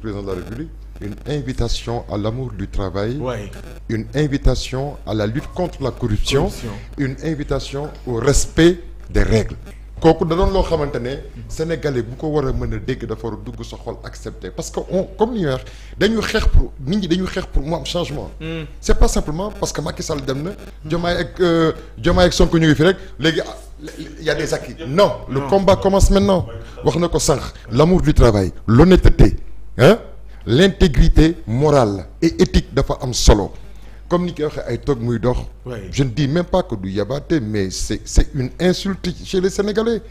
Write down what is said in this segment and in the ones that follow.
président de la République une invitation à l'amour du travail ouais. une invitation à la lutte contre la corruption, une invitation au respect des règles kooku da loo xamante ne sénégalais bu ko war a mën a dégg dafa war a dugg sa xol accepté parce que on comme ni ñuy wax dañuy xeex pour nit ñi dañuy xeex pour changement. Hmm. c'est pas simplement parce que Macky Sall dem na. Diomaye ak euh, Diomaye ak Sonko ñu ngi fi rek léegi y a des acquis. non le combat commence maintenant. wax na ko sànq l'amour du travail l'honnêteté ah l'intégrité morale et éthique dafa am solo comme ni koy waxee ay toog muy dox jeune ne dis même pas que du yabaate mais c'est une insulte chez les Sénégalais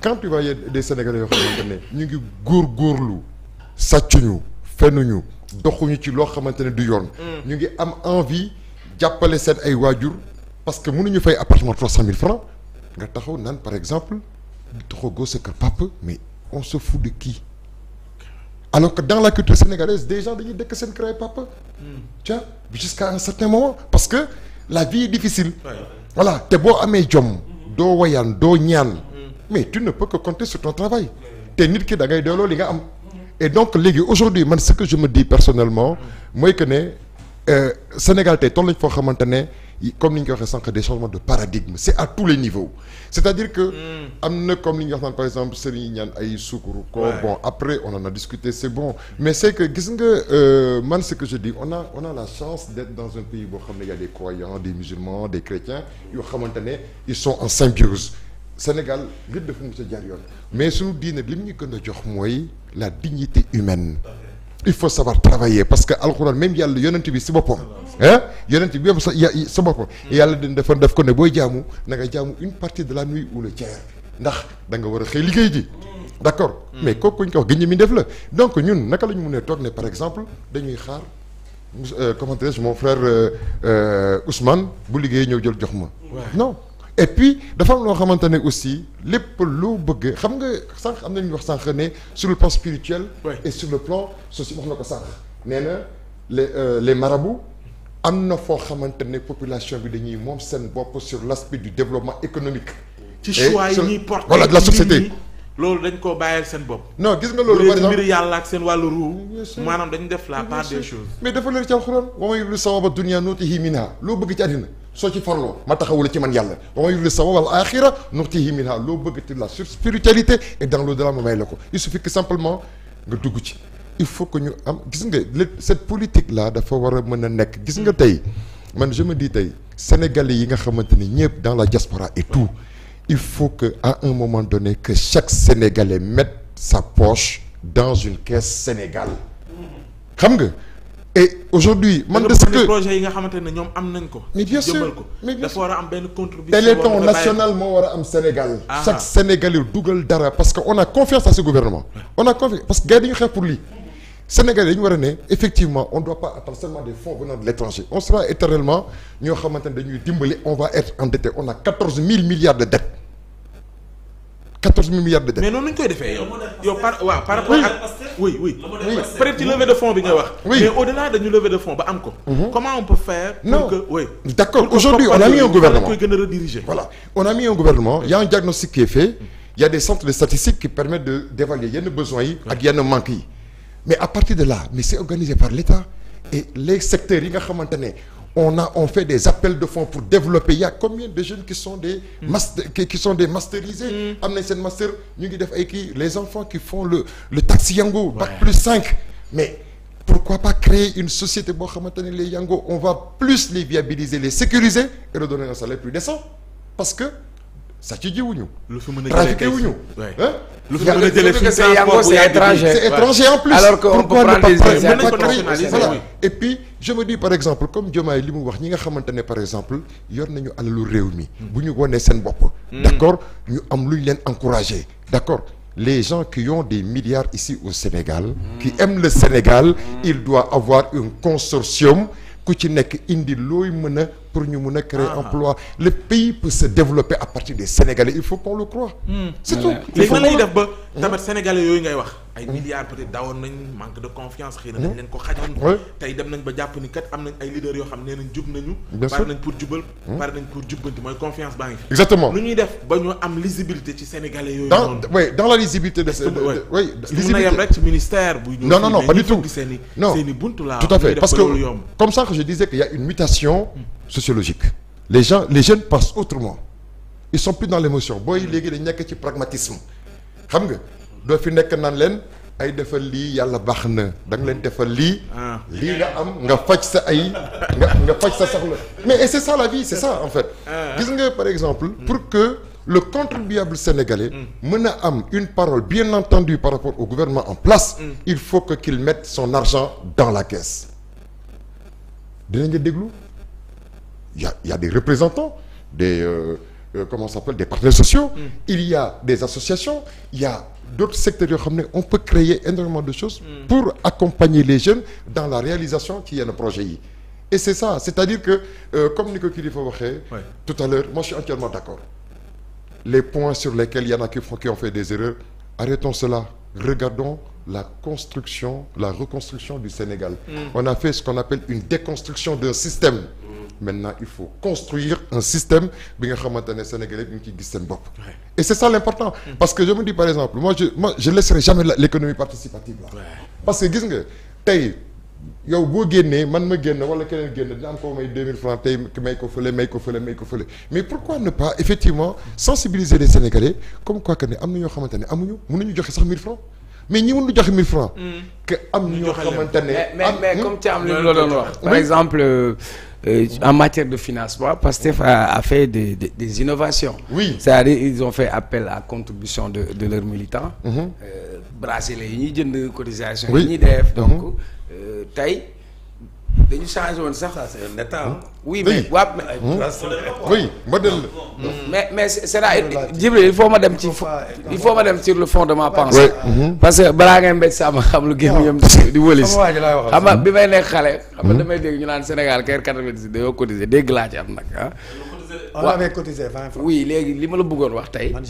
quand tu vois des Sénégalais yoo xamante ne ñu ngi góorgóorlu sàccuñu fenuñu doxuñu ci loo xamante ne du yoon mm. ñu ngi am envie jàppale seen ay waajur parce que mënuñu fay appartement trois cent mille francs nga taxaw naan par exemple taxaw goo sa kër papa mais on se fout de qui alors que dans la culture sénégalaise des gens dañuy dëkk seen créé papa hmm. tiens jusqu'à un certain moment parce que la vie est difficile voilà te boo amee jom hmm. doo wayaan doo ñaan hmm. mais tu ne peux que compter sur ton travail te nit ki da ngay doyloo li nga am et donc léegi aujourd'hui man ce que je me dis personnellement mooy que ne euh, Sénégal tey toll nañ foo xamante ne comme ni ñu ko waxee sànq des changements de paradigme c'est à tous les niveaux c'est-à-dire que hmm. am na comme li ñu wax naan par exemple sëriñ yi ñaan ay sukuru koor après on a discuté c'est bon mais c'est que gis nga euh, man ce que je dis on a la chance d'être dans un pays boo xam ne y a des croyants des musulmans des chrétiens yoo xamante ne ils sont en symbiose Sénégal lépp dafa mos a jaar yoon mais su suñu diine li mu ñu gën a jox mooy la dignité humaine parce que alxuraan même yàlla si boppam ah yonent bi sa sa bopp yàlla dañ dafa def ko ne booy jaamu na nga jaamu une partie de la nuit ou le tiers ndax da nga war a xëy liggéey ji d'accord hmm. mais kooku ñu ko wax gën mi def la donc ñun naka la ñu mënee toog ne par exemple dañuy xaar euh, comment dirais-je mon frère euh, euh, Ousmane bu liggéey ñëw jël jox ma non et puis dafa am loo xamante ne aussi lépp loo bëgg xam nga sànq am na ñu wax sànq ne sur le plan spirituel et sur le plan social wax na ko sànq nee na les les marabouts am na foo xamante ne population bi dañuy moom seen bopp sur l'aspect du développement économique. ci choix yi la société. loolu dañ koo bàyyil seen bopp. non gis nga loolu par exemple mbir yàlla ak seen wàllu ruu. maanaam dañu def la part des choses. mais dafa leer ci alxuraan. wa man yuridu sawaba dunya nuutihi minha loo bëgg ci àddina soo ci farloo ma taxawul ci man yàlla wa man yuridu sawaba al axira nuutihi minha loo bëgg ci la spiritualité et dans l'au-delà ma may la ko il suffit dugg ci. il faut que ñu am gis nga cette politique là dafa war a mën a nekk gis nga tey man je me dis tey sénégalais yi nga xamante ni ñëpp dans la diaspora et tout il faut que à un moment donné que chaque sénégalais mette sa poche dans une caisse Sénégal xam nga et aujourd'hui man de ce que projet yi nga xamante ne ñoom am nañ ko. mais bien sûr war a am benn national moo war a am Sénégal. Ah. chaque Sénégalais dugal dara parce que on a confiance à ce gouvernement. on a confiance parce que gars dañu xeex lii. Sénégal yi ñu war a ne effectivement on doit pas attendre seulement des fonds venant de l'étranger on sera éternellement ñoo xamante ne dañuy dimbali on va être endetté on a quatorze mille milliards de dettes mais noonu lañ koy defee yow yow par rapport ak. oui oui oui peut ci levée de fonds bi nga wax. oui mais au-delà dañu levée de fonds ba am ko. Mhm. comment on peut faire. pour que oui d'accord aujourd'hui on a mis un gouvernement koy un gouvernement il y des centres de statistiques qui permettent yi. ak yenn manques yi. mais à partir de là mais c'est organisé par l'État et les secteurs yi nga xamante ne on a on fait des appels de fonds pour développer il y a combien de jeunes qui sont des mm. master qui sont des masterisés mm. am nañ seen master ñu ngi def ay kii les enfants qui font le le taxi yango bac plus 5 mais pourquoi pas créer une société boo xamante ne les yango on va plus les viabiliser les sécuriser et leur donner un salaire plus décent parce que sàcc jiwuñu. lu fi mën a trafiqué wuñu. lu a jëlee fii c'est étranger c'est étranger en plus. alors que on peut prendre des voilà et puis je me dis par exemple comme Diomaye li mu wax ñi nga xamante ne par exemple yor nañu alalu réew mi. bu ñu wonee seen bopp. Hmm. d'accord ñu am luñ leen encourager d'accord. les gens qui ont des milliards ici au Sénégal hmm. qui aiment le Sénégal mmh. il doit avoir un consortium ku ci nekk indi looy mën pour ñu mun a créer ah. emploi le pays peut se développer à partir des Sénégalais il faut qu'on le croie hmm. c'est tout léegi nan lay def ba tamit Sénégalais yooyu ngay wax hmm. ay milliards peut-être daawoon nañ manque de confiance xëy na hmm. dañ leen ko xajoon tey dem nañ ba jàpp am nañ ay leaders yoo xam nee nañ jub nañu pare nañ pour jubal pare nañ pour jubbanti mooy confiance baa ngi exactement nu ñuy def ba ñu am lisibilité ci Sénégalais yooyu de oui lisibilité mën na yem rek ci y sociologique les gens les jeunes pensent autrement ils sont plus dans l'émotion booy léegi dañ nekk ci pragmatisme xam nga doo fi nekk naan leen ay defal lii yàlla baax na da leen defal lii ah. lii nga am nga faj sa ay nga nga faj sa soxla mais et c'est ça la vie c'est ça en fait ah, ah. gis nga par exemple hmm. pour que le contribuable sénégalais hmm. mën a am une parole bien entendue par rapport au gouvernement en place hmm. il faut que qu'il mette son argent dans la caisse dinañ nga il y a il y a des représentants des euh, euh, comment ça s'appelle des partenaires sociaux. Mm. il y a des associations il y a d'autres secteurs yoo xam ne on peut créer énormément de choses. Mm. pour accompagner les jeunes dans la réalisation ci yenn projet yi. et c'est ça c'est-à-dire que euh, comme ni ko Kilifeu waxee. tout à l'heure moi je suis entièrement d'accord. les points sur lesquels il y en a qui font qui ont fait des erreurs arrêtons cela regardons la construction la reconstruction du Sénégal. Mm. on a fait ce qu'on appelle une déconstruction d'un système. maintenant il faut construire un système bi nga xamante ne bi ñu ciy gis seen bopp et c'est ça l'important mm. parce que je me dis par exemple moi je moi jamais l'économie participative là parce que gis nga tey yow boo génnee man ma génn wala keneen génn dina am ko may 2000 francs tey may ko fële may ko fële mais pourquoi ne pas effectivement sensibiliser les sénégalais comme quoi que ne am na ñoo xamante amuñu mënuñu joxe sax joxe Euh, en matière de financement, PASTEF a, a fait des, des, des, innovations. Oui. C'est-à-dire ils ont fait appel à contribution de, de leurs militants. Mhm. Euh, brasser la yi ñuy jënd cotisation yi ñuy def mhm. donc euh, tey dañu changé woon sax. ça ah, c'est un état. oui mais waaw euh, euh, oui mais mais c'est-à-dire Djibril il faut ma dem ci. il faut ma dem sur le fond de ma pensée. Mm-hmm. parce que balaa ngay sa sama xam lu génn ñoom di wëlis. xam nga bi may nekk xale. xam nga mm-hmm. damay dégg ñu naan Sénégal kër 90 dañoo cotiser dégg laa ci am nag ah. on léegi li ma la bëggoon wax tey. man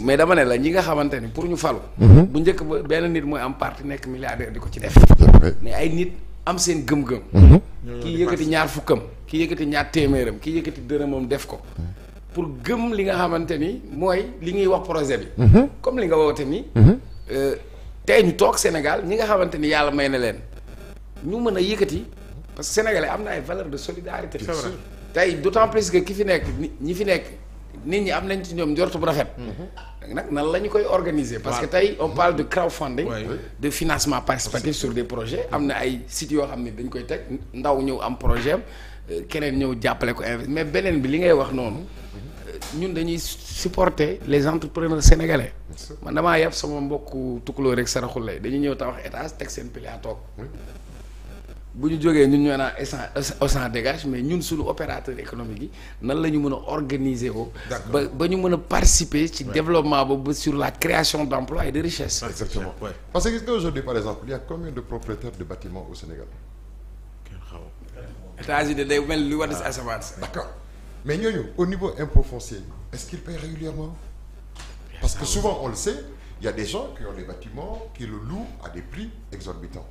mais dama ne la ñi nga xamante ni pour ñu falu. Mm-hmm. bu njëkk ba benn nit mooy am parti nekk milliardaire di ko ci def. mais ay nit. am seen gëm-gëm. Mhm. kii yëkkati ñaar fukkam kii yëkkati ñaar téeméeram kii yëkkati dërëmam def ko. Mhm. pour gëm li nga xamante ni mooy li ñuy wax projet bi. Mhm. comme li nga woote ni euh, tey ñu toog Sénégal ñi nga xamante ni yàlla may na leen ñu mën a yëkkati parce que sénégalais am na ay valeurs de solidarité. tey d'autant plus que ki fi nekk ñi fi nekk. nit ñi am nañ ci ñoom njort bu rafet. nag nan la ñu koy organiser. parce que tey on parle de crowdfunding. de financement participatif sur des projets. am na ay sites yoo xam ne dañu koy teg ndaw ñëw am projet euh, keneen ñëw jàppale ko invest mais beneen bi li ngay wax noonu. Euh, ñun dañuy supporter les entrepreneurs sénégalais. man damaa yàpp sama mbokk tukkuloo rek saraxul lay dañuy ñëw tabax étage teg seen pilier à toog. bu ñu jógee ñun ñoo naan Auchan dégage mais ñun suñu opérateur économique yi nan la ñu mën a organiser woo ba ba ñu mën a participer ci ouais. développement ba sur la création d'emplois et de richesses exactement parce que gis nga aujourd'hui par exemple il y a combien de propriétaires de bâtiments au mel lu war a asamaan d'accord mais ñooñu au niveau impôt foncier est-ce qu'ils paient régulièrement parce que souvent on le sait il y a des gens qui ont des bâtiments qui le louent à des prix exorbitants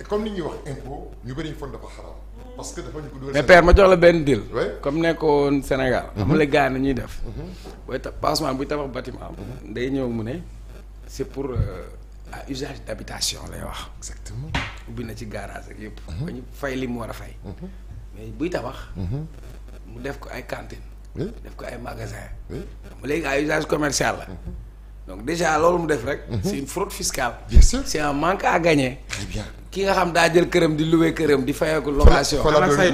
te comme li ñuy wax impôt ñu bëri ñu dafa xaram parce que dafa ñu mais père ma jox la benn deal. comme nekkoon Sénégal. am gaa mhm. gars ñuy def. Mhm. booy ta pansement buy tabax bâtiment mhm. day ñëw mu ne c'est pour à euh, usage d'habitation lay wax. exactement ubbi na ci garage ak yëpp. ba ñu fay li mu war a fay. mais buy tabax. mu def ko ay cantine. def ko ay magasin. mu léegi ay usage commercial la. donc déjà loolu mu def rek. c'est une fraude fiscale. bien c'est un manque à gagner. ki nga xam daa jël këram di loué këram di fayeeku location.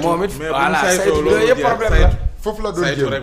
moom it voilà saytu loolu yëpp problème la foofu la doon jël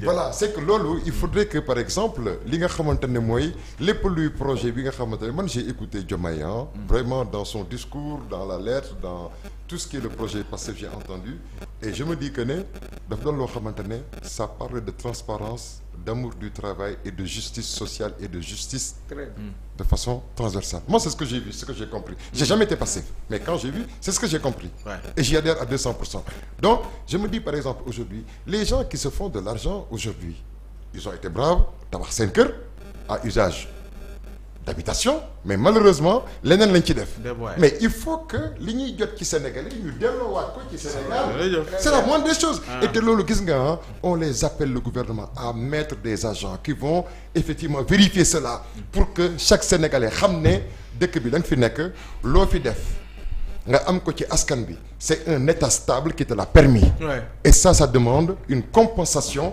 voilà c'est que loolu il faudrait que par exemple li nga xamante ne mooy lépp luy projet bi nga xamante ne man si écouté Diomaye hmm. vraiment dans son discours dans la lettre dans tout ce qui est le projet parce que j'ai entendu et je me dis que ne daf doon loo xamante ne ça parle de transparence d'amour du travail et de justice sociale et de justice hmm. de façon transversale moi c'est ce que j'ai vu c'est ce que j'ai compris j'ai hmm. jamais été passif mais quand j'ai vu c'est ce que j'ai compris et j'y adhère à 200 pour cent donc je me dis par exemple aujourd'hui les gens qui se font de l'argent aujourd'hui ils ont été braves tabax seen kër à usage d'habitation mais malheureusement leneen lañ ci def. mais il faut que li ñuy jot ci Sénégalais ñu ci Sénégal. c'est la moindre des choses. Ah. et loolu gis nga on les appelle le gouvernement à mettre des agents qui vont effectivement vérifier cela pour que chaque Sénégalais xam ne dëkk bi da fi nekk loo fi def nga am ko ci askan bi c'est un état stable qui te l'a permis. et ça ça demande une compensation.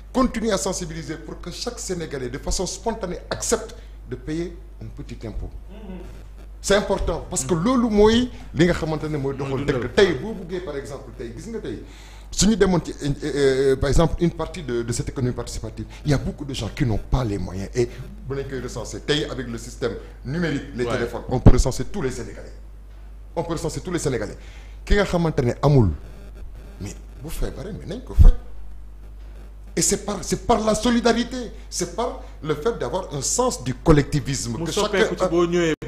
continuer à sensibiliser pour que chaque Sénégalais de façon spontanée accepte de payer un petit impôt c'est important parce que loolu mooy li nga xamante ne mooy doxal dëkk tey boo buggee par exemple tey gis nga tey su ñu demoon ci euh, euh, par exemple une partie de de cette économie participative il y a beaucoup de gens qui n'ont pas les moyens et bu nañ koy recenser tey avec le système numérique les ouais. téléphones on peut recenser tous les Sénégalais on peut recenser ki nga xamante ne amul mais feebaree mais nañ ko et c'est par c'est par la solidarité c'est par le fait d'avoir un sens du collectivisme. que chacun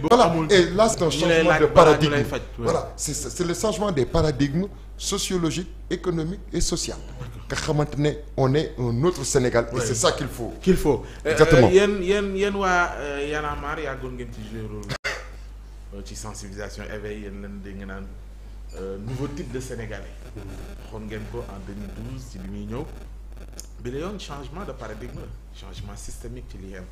voilà et là c'est un changement de paradigme voilà c'est c'est le changement des paradigmes sociologiques économiques et social nga xamante ne on est un autre Sénégal. et c'est ça qu'il faut. qu'il faut euh, exactement euh, yéen yéen yéen waa euh, Y'en a marre yàggoon ngeen ci jouer ci sensibilisation éveil yéen leen nga naan nouveau type de Sénégalais. waxoon ngeen ko en bi muy ñëw. bi la yoon changement de paradigme changement systémique ci li am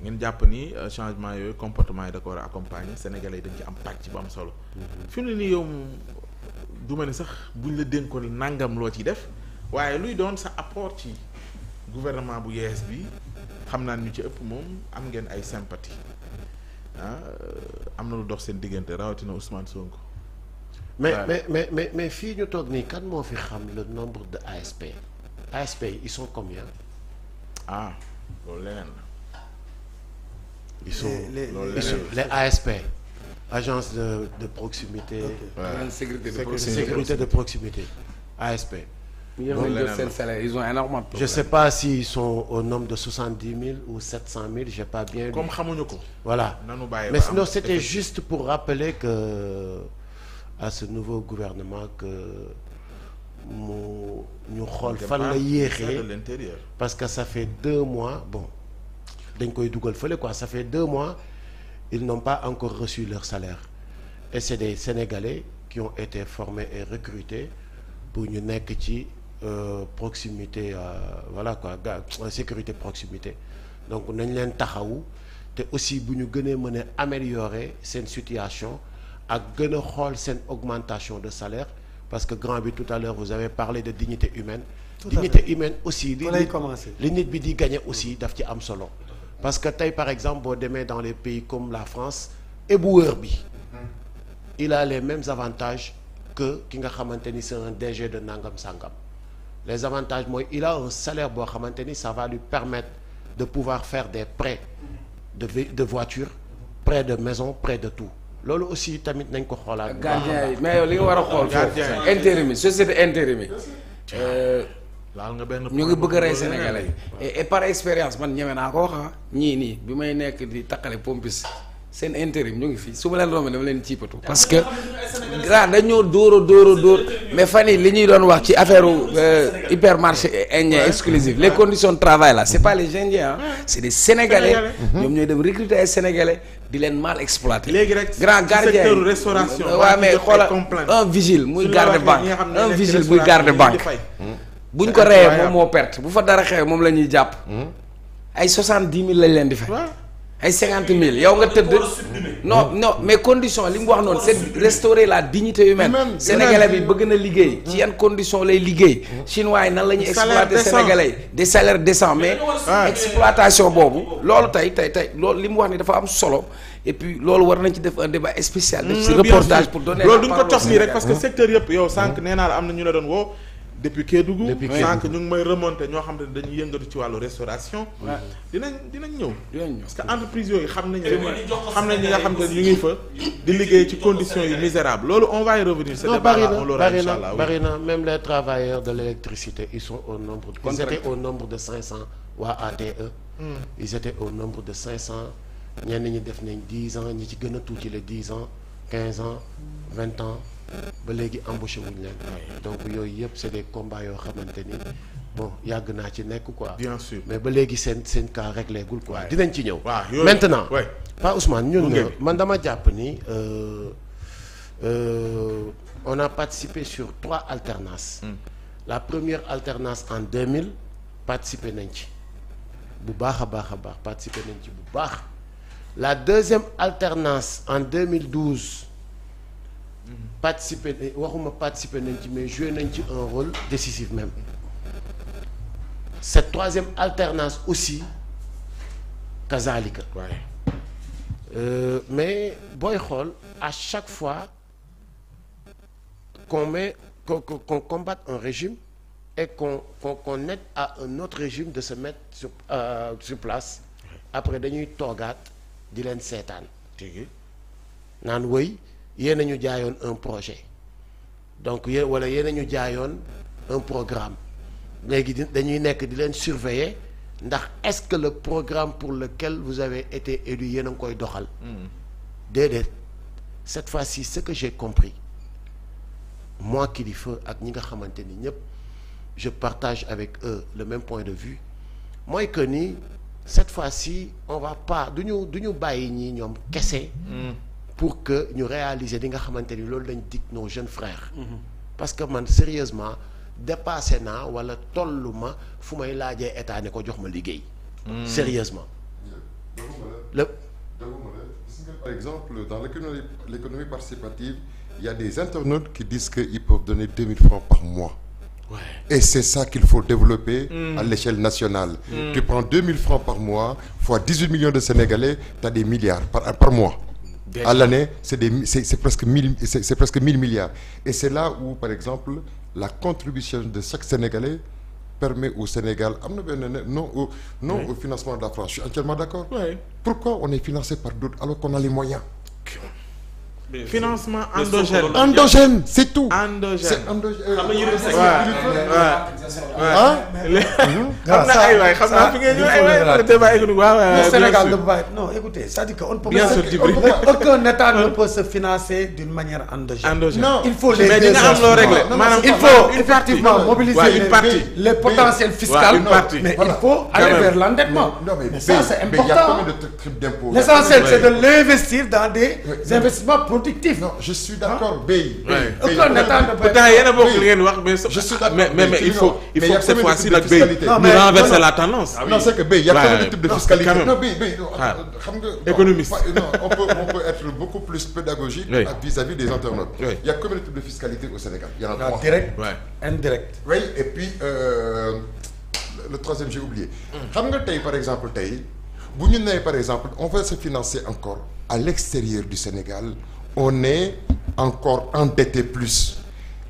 ngeen jàpp ni euh, changement yooyu comportement yi da ko war a accompagner sénégalais yi dañ ci am pàcc bu am solo. Mhm. fi mu ne yow du ma ne sax buñ la dénkoon nangam loo ciy def waaye luy doon sa apport ci gouvernement bu yees bi xam naa ñu ci ëpp moom am ngeen ay sympathie ah euh, am na lu dox seen diggante rawatina Ousmane Sonko. mais mais mais mais fii ñu toog nii kan moo fi xam le nombre de ASP. ASP yi ils sont combien. ah loolu leneen la. les ASP. agence de proximité. Okay. sécurité de proximité sécurité de proximité ASP. ils ont énormément je sais pas s'ils sont au nombre de soixante dix mille ou sept cent mille j'ai pas bien. comme ko. voilà mais sinon c'était juste pour rappeler que à ce nouveau gouvernement que. mu ñu xool fan la yéexee parce que ça fait deux mois bon dañ koy dugal fële quoi ça fait deux mois ils n'ont pas encore reçu leur salaire et c'est des Sénégalais qui ont été formés et recrutés pour ñu nekk ci euh, proximité euh, voilà quoi ga sécurité proximité donc nañ leen taxawu te aussi bu ñu gënee mën a améliorer seen situation ak gën a xool seen augmentation de salaire parce que grand bi tout à l'heure vous avez parlé de dignité humaine tout dignité humaine aussi li nit li nit bi di gagner aussi daf ci am solo parce que tey par exemple boo demee dans les pays comme la France éboueur bi il a les mêmes avantages que ki nga xamante ni c'est un DG de nangam sangam les avantages mooy il a un salaire boo xamante ni ça va lui permettre de pouvoir faire des prêts de de voiture prêts de maison prêts de tout loolu aussi tamit nañ ko xoolaat. gardien yi mais yow li nga war a xool foofu intérim yi société intérim yi. Euh, laal nga benn ñu ngi bëgg a rey Sénégalais yi. et par expérience man ñeme naa ko wax ah. ñii nii bi may nekk di taqale pompis seen intérim ñu ngi fii su ma leen romb dama leen ciipatu parce que grand dañoo dóor a dóor a dóor mais fan yi li ñuy doon wax ci affaire euh, hypermarché indien exclusive les conditions de travail là c'est pas les indiens ah c'est des sénégalais ñoom mm-hmm. ñooy dem recruter ay sénégalais di leen mal exploité léegi rek grand gardien secteur waa waaw mais xoola un vigile muy garde banque un vigile muy garde banque mm. bu ñu ko reyee moom moo perte bu fa dara xewee moom la ñuy jàpp mm. ay soixante-dix mille lañ leen di ay cinquante mille yow nga tëdd non non mais condition li mu wax noonu se restaurer la dignité humaine sénégalais bi bëgg na liggéey ci yan condition lay liggéey chinois yi nan la ñuy exploiter sénégalais yi des salaires décents mais exploitation boobu loolu tey tey tey loolu li mu wax ni dafa am solo et puis loolu war nañ ci def un débat spécial def mm, ci reportage pour donner loolu duñ ko tos nii rek parce que secteur yëpp yow sànq nee naa la am na ñu la doon woo depuis Kédougou depuis Kédougou ñu ngi may remonté ñoo xam ne dañuy yëngatu ci wàllu restauration. dinañ dinañ ñëw. dinañ entreprise yooyu xam nañ xam nañ ñi nga xam ne ñu ngi fa. di liggéey ci conditions yi misérable loolu on va y revenir. ce débat là on l'aura na même les travailleurs de l'électricité ils sont au nombre. ils étaient au nombre de 500 waa ATE. Hmm. ils étaient au nombre de cinq 500 ñenn ñi def nañ 10 ans ñi ci gën a tuuti les 10 ans 15 ans 20 ans. ba léegi embauché wuñ leen. donc yooyu yëpp c' est des yoo xamante ni bon yàgg naa ci nekk ko bien sûr mais ba léegi seen seen rek leegul gul quoi dinañ ci ñëw. maintenant Pa Ousmane ñun man dama jàpp ni euh, euh, on a participer sur trois alternances. Hmm. la première alternance en 2000 participé nañ ci bu baax a baax a baax participé nañ ci bu baax la deuxième alternance en 2012. participer waxuma participer nañ ci mais joué nañ ci un rôle décisif même cette troisième alternance aussi kazalika ouais. Euh, mais booy xool à chaque fois qu'on met qu'on qu'on combatte un régime et qu'on qu'on qu'on aide à un autre régime de se mettre sur euh, place après dañuy toogaat di leen seetaan naan wëy yéen a ñu jaayoon un projet donc yéen wala yéen ñu jaayoon un programme léegi dañuy nekk di leen surveiller ndax est-ce que le programme pour lequel vous avez été élu yéen a ngi koy doxal. Hmm. déedéet cette fois-ci ce que j'ai compris moi Kilifeu ak ñi nga xamante ni ñëpp je partage avec eux le même point de vue mooy que ni cette fois-ci on va pas du ñu du ñu bàyyi ñii ñoom kese. Hmm. pour que ñu réaliser li nga xamante ni loolu lañ dig nos jeunes frères. Mm-hmm. parce que man sérieusement dépassé naa wala tollu ma fu may laajee état ne ko jox ma liggéey. Mm. sérieusement le par exemple dans l'économie l'économie participative il y a des internautes qui disent qu'ils peuvent donner 2000 francs par mois et c'est ça qu'il faut développer mm. à l'échelle nationale mmh. tu prends 2000 francs par mois fois 18 millions de Sénégalais tu des milliards à l'année, c'est presque 1000 c'est presque 1000 milliards et c'est là où par exemple la contribution de chaque Sénégalais permet au Sénégal am na benn non au non oui. au financement de la France je suis entièrement d'accord. Oui. Pourquoi on est financé par d'autres alors qu'on a les moyens. financement endogène endogène c'est tout. endogène c'est endogène. xam nga mhm. xam ah, naa fi ngeen ñëw aywaay. Sénégal le va non écoutez c'est-à-dire que on ne peut se financer d'une manière endogène. endogène il faut les mais dina am il faut effectivement mobiliser les potentiels fiscaux mais il faut aller vers l'endettement ça c'est important l'essentiel c'est de l'investir dans des investissements productif. non je suis d'accord Bey. Bey pourtant yéen a bokk li ngeen wax mais. je suis d'accord mais mais cette fois nag Bey ñu renverser la tendance. Ah non c'est que Bey y a combien de fiscalité non Bey Bey euh, xam nga. économiste euh, non on peut on peut y a combien de fiscalité au Sénégal. en a trois direct indirect. Euh, le troisième j'ai oublié. xam nga tey par exemple tey. bu ñu nee par exemple on va se financer encore à l'extérieur du Sénégal on est encore endetté plus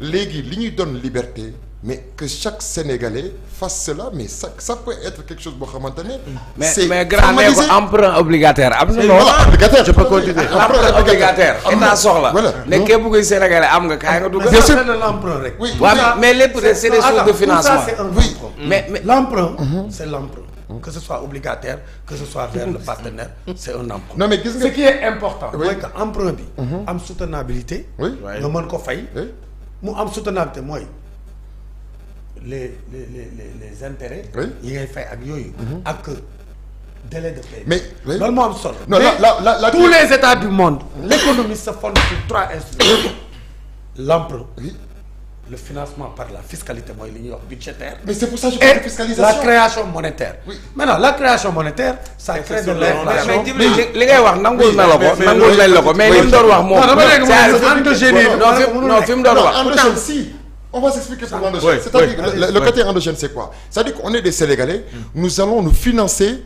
léegi li ñuy donne liberté mais que chaque Sénégalais fasse cela mais ça peut être quelque chose boo xamante ne. mais mais grand ne ko emprunt obligataire am na. voilà obligataire je peux continuer emprunt obligataire. soxla. ne képp kuy Sénégalais am nga kaay nga dugg. bien sûr na l'emprunt oui mais lépp de c'est des sources oui mais mais l'emprunt mhm. c'est que ce soit obligataire que ce soit vers le partenaire c'est un emprunt non gis nga ce qui est important mooy que emprunt bi mhm. am soutenabilité nga mën ko fay mu am soutenabilité mooy les les les les intérêts yi ngay fay ak yooyu mhm. ak délai de paie mais loolu moo am solo la la la tous les états du monde l'économie se fonde sur trois instruments l'emprunt le financement par la fiscalité mooy li ñuy wax budgétaire. mais c'est pour ça je parle de fiscalisation la création monétaire. oui maintenant la création monétaire. ça crée de l'inflation mais li ngay wax nangul na la ko nangul nañ la ko mais li mu doon wax moom. non dama dégg moom non fi mu doon wax. endogène si on va s'expliquer sur l'endogène. Ah, c'est-à-dire le le côté endogène c'est quoi. c'est-à-dire qu'on est des Sénégalais. Hmm. nous allons nous financer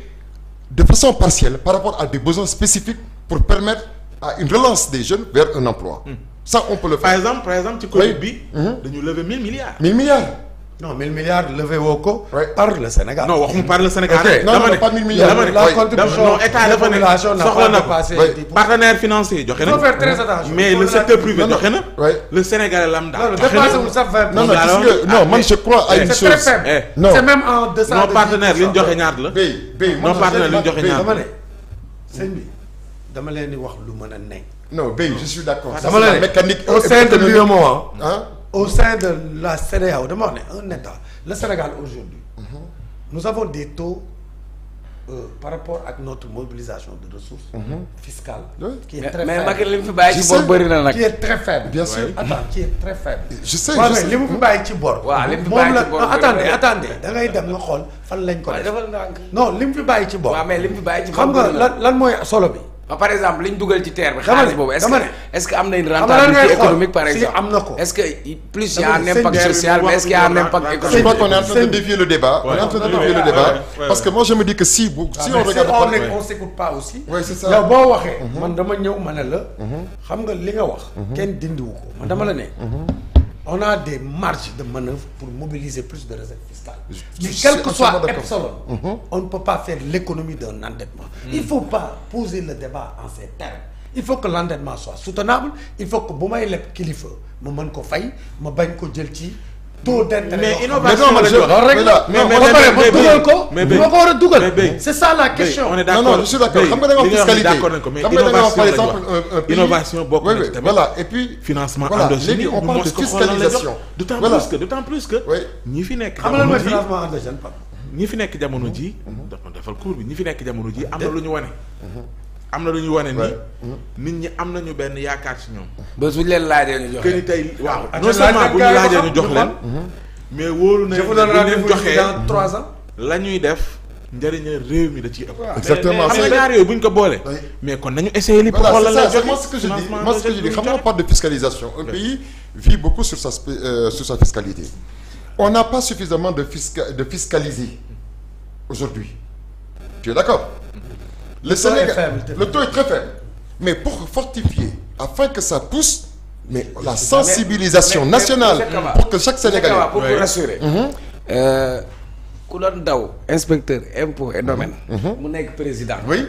de façon partielle par rapport à des besoins spécifiques pour permettre à une relance des jeunes vers un emploi. Hmm. ça on peut le faire. par exemple par exemple ci Covid bi. Mhm. dañu lever milliards. milliards. milliards levé woo ko. par le Sénégal. non waxuma par le Sénégal. ok non non pas 1000 milliards. dama ne la contribution état dafa soxla na ko financier joxe na. mais le secteur privé joxe na. le Sénégalais lambda. joxe na non non ah, eh. li ñu joxe ñaar la. béy béy li ñu joxe ñaar la. dama leen di wax lu mën a nekk. non Bey je suis d'accord. Ah, dama la ne mécanique au sein de l'UEMOA au sein de la CEDEAO dama wax ne un état le Sénégal aujourd'hui mhm. nous avons des taux Euh, par rapport ak notre mobilisation de ressources. Mm -hmm. fiscales. qui est très mais, faible mais Macky li mu fi bàyyi ci bor bëri na nag. qui est très faible. bien sûr attends qui est très faible. je sais je sais li mu fi bàyyi ci bor. waaw li mu fi bàyyi ci bor moom la attendez attendez da ngay dem nga xool fan lañ ko def. non li mu fi bàyyi ci bor. waaw mais li mu fi bàyyi ci bor xam nga lan lan mooy solo bi. ba par exemple liñ dugal ci terre bi. xaalis boobu est-ce que est-ce que am économique par exemple am plus y a un social mais est-ce a économique. parce que moi je me dis que si bu si on regarde. on s'écoute pas aussi. oui boo waxee. Mhm. man dama ñëw ma ne la. Mhm. xam nga li nga wax. Mhm. kenn dindiwu ko man dama la ne. on a des marges de manœuvre pour mobiliser plus de réserves fiscales. mais quel que soit epsilon. Mm-hmm. on ne peut pas faire l'économie d'un endettement. Mm. il faut pas poser le débat en ces termes. il faut que l'endettement soit soutenable il faut que bu may leb kilifa ma man ko fay ma bañ ko jël ci. taux d'intérêt mais innovation mais mais ko war a dugal. c'est ça la question. on est d'accord non non je suis d'accord xam nga da nga wax fiscalité xam nga da nga wax par exemple innovation bokk na ci tamit voilà et puis financement endogène léegi on parle de fiscalisation d'autant plus que d'autant plus que ñi fi nekk xam nga lan mooy financement endogène ñi fi nekk jamono ji. dafa defal cours bi ñi fi nekk jamono ji am na lu ñu wane. Mhm. am na lu ñu wane ni nit ñi am nañu benn yaakaar ci ñoom. ba suñ leen laajee ñu jox leen que ni tey waaw ah, non seulement bu ñu laajee ñu jox leen. mais wóolu na bu leen joxee dans trois ans. la ñuy def njëriñal réew mi da ciy ëpp. yooyu bu ko boolee mais kon nañu essayer li pour xoolal la joxe moi ce que je dis moi ce que je dis xam nga on parle de fiscalisation un pays vit beaucoup sur sa euh, sur sa fiscalité. on n'a pas suffisamment de fisca de fiscaliser aujourd'hui le, le Sénégal le taux est très faible mais pour fortifier afin que ça pousse mais la sensibilisation mais, mais, nationale mais, pour que chaque Sénégalais pour vous rassurer mhm. euh, ku doon daw inspecteur impôt et domaine mhm. mu nekk président oui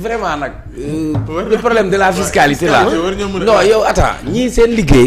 vraiment nag euh, le problème de la fiscalité la non yow attends ñii seen liggéey